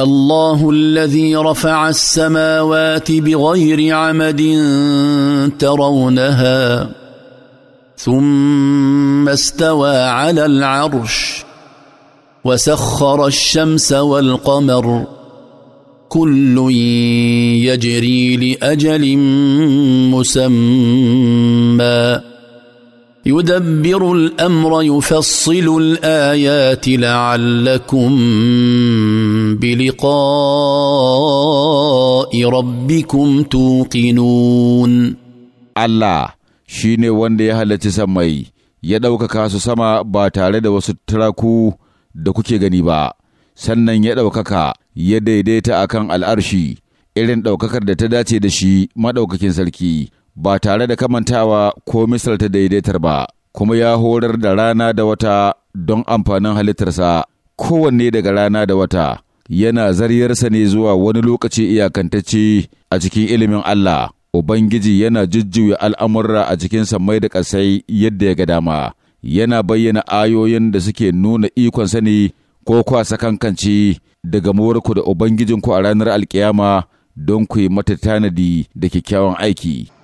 الله الذي رفع السماوات بغير عمد ترونها ثم استوى على العرش وسخر الشمس والقمر كل يجري لاجل مسمى يدبر الامر يفصل الايات لعلكم بلقاء ربكم توقنون الله shine wanda ya halarci sammai ya ɗaukaka su sama ba tare da wasu turaku da kuke gani ba sannan ya ɗaukaka ya daidaita akan al'arshi irin ɗaukakar da ta dace da shi maɗaukakin sarki ba tare da kamantawa ko misalta daidaitar ba, kuma ya horar da rana da wata don amfanin halittarsa kowanne daga rana da wata yana zaryarsa ne zuwa wani lokaci iyakantacce a cikin ilimin Allah, Ubangiji yana jujjuya al'amurra a cikin mai da ƙasai yadda ya ga dama, yana bayyana ayoyin da suke nuna ikon sani ko kwasa kankanci daga morku da Ubangijinku a ranar alkiyama don ku yi mata tanadi da kyakkyawan aiki.